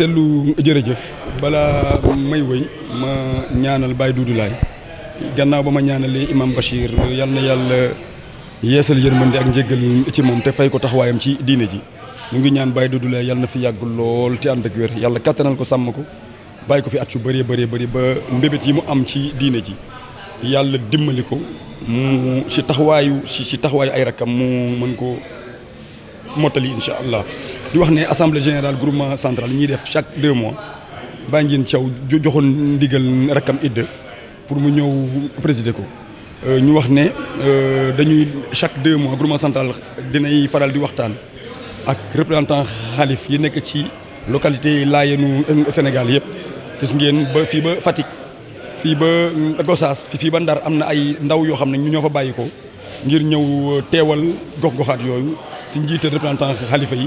seetlu jërëjëf balaa may wëy ma ñaanal Baye Doudou Laye gannaaw ba ma ñaanalee Imam Bachir yal na yàlla yeesal yërmande ak njéggal ci moom te fay ko taxawaayam ci diine ji mu ngi ñaan Baye Doudou Laye yal na fi yàgg lool te ànd ak wér yàlla kattanal ko sàmm ko bàyyi ko fi at yu bëree bëree bëri ba mbébét yi mu am ci diine ji yàlla dimbali ko mu si taxawaayu si si taxawaayu ay rakkam mu mën ko mottali incha allah. di wax ne assemblée générale groupement central ñuy def chaque deux mois bàyyi ngeen Thiaw joxoon ndigal rakkam Idda pour mu ñëw présider ko euh, ñu wax ne euh, dañuy chaque deux mois groupement central dinay faral di waxtaan ak représentant xalif yi nekk ci localité laayenu euh, Sénégal yëpp gis ngeen ba fii ba Fatick fii ba Gossas fii ba Ndar am na ay ndaw yoo xam ne ñu ñoo fa bàyyi ko ngir ñëw teewal gox-goxaat yooyu si njiital représentant xalifa yi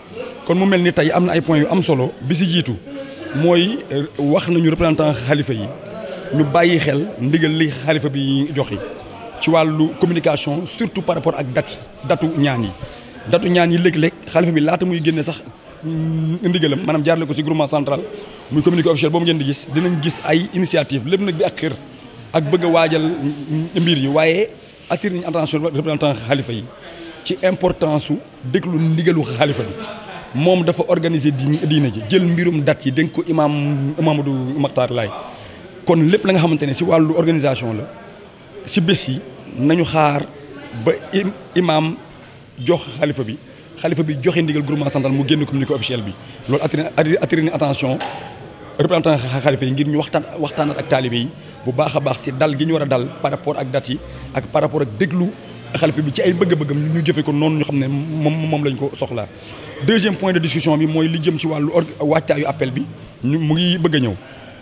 kon mu melni tay amna ay point yu am solo bi si jiitu mooy euh, wax nañu représentant khalifa yi ñu bayyi xel ndigal li khalifa bi joxe ci walu communication surtout par rapport ak date datu ñaan yi datu ñaan yi léeg-léeg xalifa bi laata muy génne sax ndigalam manam jaarale ko ci groupement central muy communiqué officiel boobu ngeen di gis dinañ gis ay initiative lepp nak bi ak xër ak bëgg a waajal mbir yi wayé attiré ñu attention représentant khalifa yi ci importance su déglu ndigalu khalifa bi mom dafa organiser diine ji jël mbirum date yi ko Mamadou Makhtar lay kon lepp la nga xamantene ci walu organisation la ci nañu xaar ba imam jox khalifa bi khalifa bi joxe ndigal groupement central mu officiel bi attention représentant khalifa yi ngir ñu waxtaan ak yi bu baax dal gi ñu dal par rapport ak date yi ak par rapport ak xalifa bi ci ay bëgg-bëggam ñu jëfé ko non ñu xamné mom mom lañ ko soxla deuxième point de discussion bi moy li jëm ci walu waccayu appel bi ñu mu ngi bëgg ñëw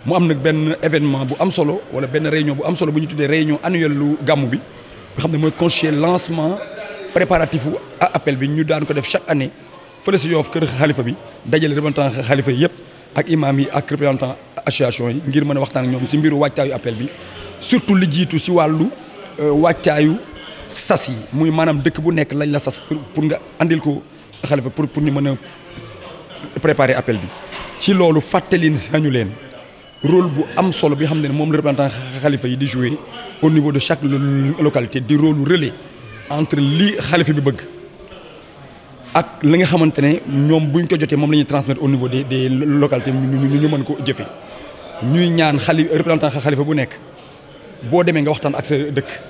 mu am nak ben événement bu am solo wala ben réunion bu am solo bu ñu tuddee réunion annuelle lu gamu bi nga xamné moy mooy lancement préparatif à appel bi ñu daan ko def chaque année fele ci yof kër khalifa bi dajale représentant xalifa yi yëpp ak imam yi ak représentant association yi ngir mëna waxtaan ak ñoom si mbiru waccayu appel bi surtout li jiitu si wàllu euh, waajtaayu sasi muy manam dëkk bu nekk lañ la sas pour nga andil ko xalifa pour pour ñu mën préparer appel bi ci loolu fàttali nañu leen rôle bu am solo bi xam ne moom la représentant xalifa yi di jouer au niveau de chaque localité di rôle relais entre li xalifa bi bëgg ak li nga xamante ne ñoom buñ ko jotee moom la ñuy transmettre au niveau des des localités ñu ñu mën ko jëfee ñuy ñaan xali représentant xalifa bu nekk boo demee nga waxtaan ak sa dëkk.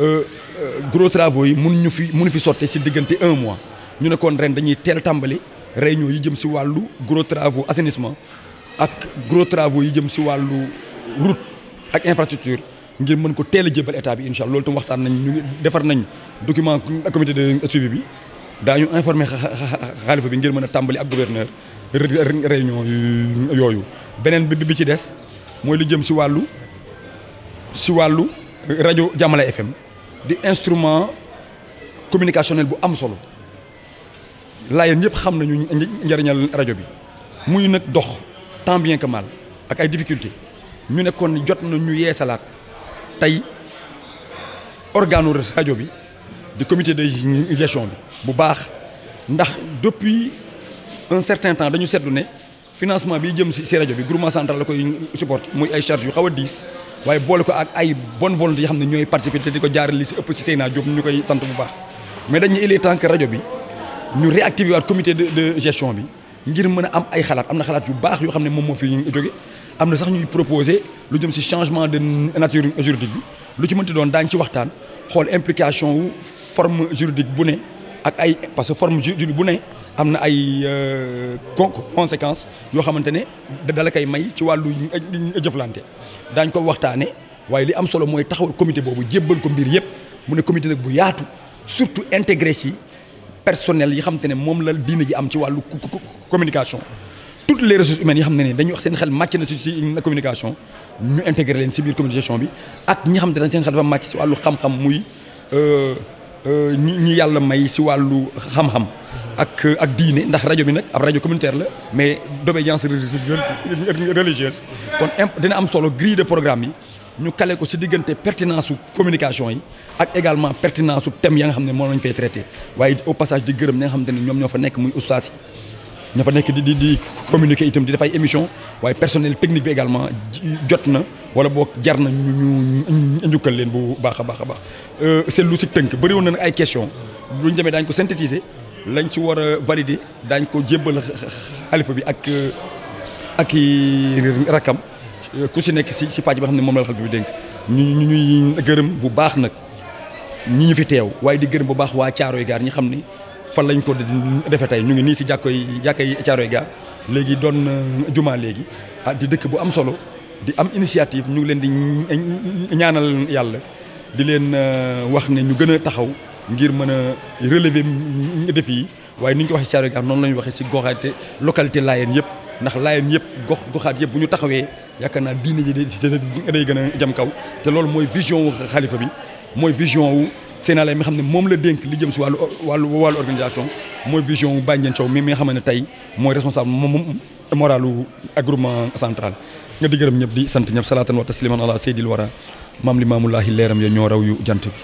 Euh, euh, gros travaux yi mënuñu fi mënu fi sotte ci diggante 1 mois ñu ne kon ren dañuy teel tàmbali réunion yi jëm ci walu gros travaux assainissement ak gros travaux yi jëm ci walu route ak infrastructure ngir mën ko teel a état bi inshallah lolu loolu tam waxtaan nañ ñu défar nañ document comité de suivi bi dañu informer xaalifa bi ngir mëna tambali ak gouverneur réunion yoyu benen bi bi ci dess moy lu jëm ci walu ci walu Radio Jamala FM di instrument communicationnel bu am solo laayeen ñëpp xam nañu njëriñal la bi muy nag dox tant bien que mal ak ay difficulté ñu ne kon jot na ñu yeesalaat tey de radio, bi di comité de gestion bi bu baax ndax depuis un certain temps dañu seetlu ne financement bi jëm ci radio bi groupement central la koy support muy ay charge yu xawa 10 waye waaye ko ak ay bonne volonté yoo xam ne participer te di ko li ci ëpp ci Seyna Diop ñu sant bu baax. mais dañ il est temps que rajo bi ñu réactiver waat comité de de gestion bi ngir mëna am ay xalaat amna xalaat yu baax yu xamné mom mo fi jóge am na sax ñuy proposer lu jëm ci changement de nature juridique bi lu ci mënti doon dañ ci waxtaan xol implication wu forme juridique bu né ak ay parce que forme juridique bu né amna ay euh, conséquences yo xamantene ne dala koy may ci walu euh, jëflante dañ ko waxtané waaye li am solo moy taxawul comité bobu jébbal ko mbir yépp mu ne comité nak bu yaatu surtout intégrer ci personnel yi xamantene mom la diiné ji am ci walu communication toutes les ressources humaines yi xamantene ne wax seen xel match na ci communication ñu intégrer leen ci biir communication bi ak ñi xamantene dañ seen xel dafa match ci walu xam-xam muy euh ni euh, yalla may ci walu xam-xam ak ak diine ndax radio bi nak ab radio communautaire la mais d'obédience religieuse kon dina am solo grille de programme yi ñu calé ko ci diggante pertinence communication yi ak également pertinence su thème ya nga xamné mo lañ fay traité waye au passage di gërëm nga xamné ñom ñofa nek muy ustaas ñofa nek di di communiquer itam di def émission waye personnel technique bi également jotna wala boo jar na ñu ñu njukkal leen bu baax a baax a baax euh, c'est lu si tënk bëri woon na ay question lu ñu demee daañu ko synthétiser lañ ci war a valider daañ ko jébbal xalifa bi ak euh, ak i rakam euh, ku si nekk si si pàcc bi xam ne moom la xalifa bi dénk ñu ñu ñuy gërëm bu baax nag ñi ñu fi teew waaye di gërëm bu baax waa Caaroy Gaar ñi xam ni fan lañ ko defee tey ñu ngi nii si jàkkoy jàkkoy Caaroy Gaar léegi doon jumaa léegi ah di dëkk bu am solo di am initiative ñu ngi leen di ñaanal yàlla di leen euh, wax ne ñu gën a taxaw ngir mën a relever def yi waaye ni ñu ko waxee Thiaroye Gare noonu la ñu waxee si goxaate localité Layène yëpp ndax Layène yëpp gox goxaat yëpp bu ñu taxawee yaakaar naa diine ji day gën a jëm kaw te loolu mooy vision wu xalifa bi mooy vision wu Sénégal mi xam ne moom la dénk li jëm si wàllu wàllu wàllu organisation mooy vision wu Baye Ndiagne Thiaw mi mi nga xam ne tey mooy responsable moom moralu groupement central nga di gërëm ñëpp di sant ñëpp salaatan wa tasliman ala seydil wara maam li maamullaahi leeram ya ñoo raw yu jant bi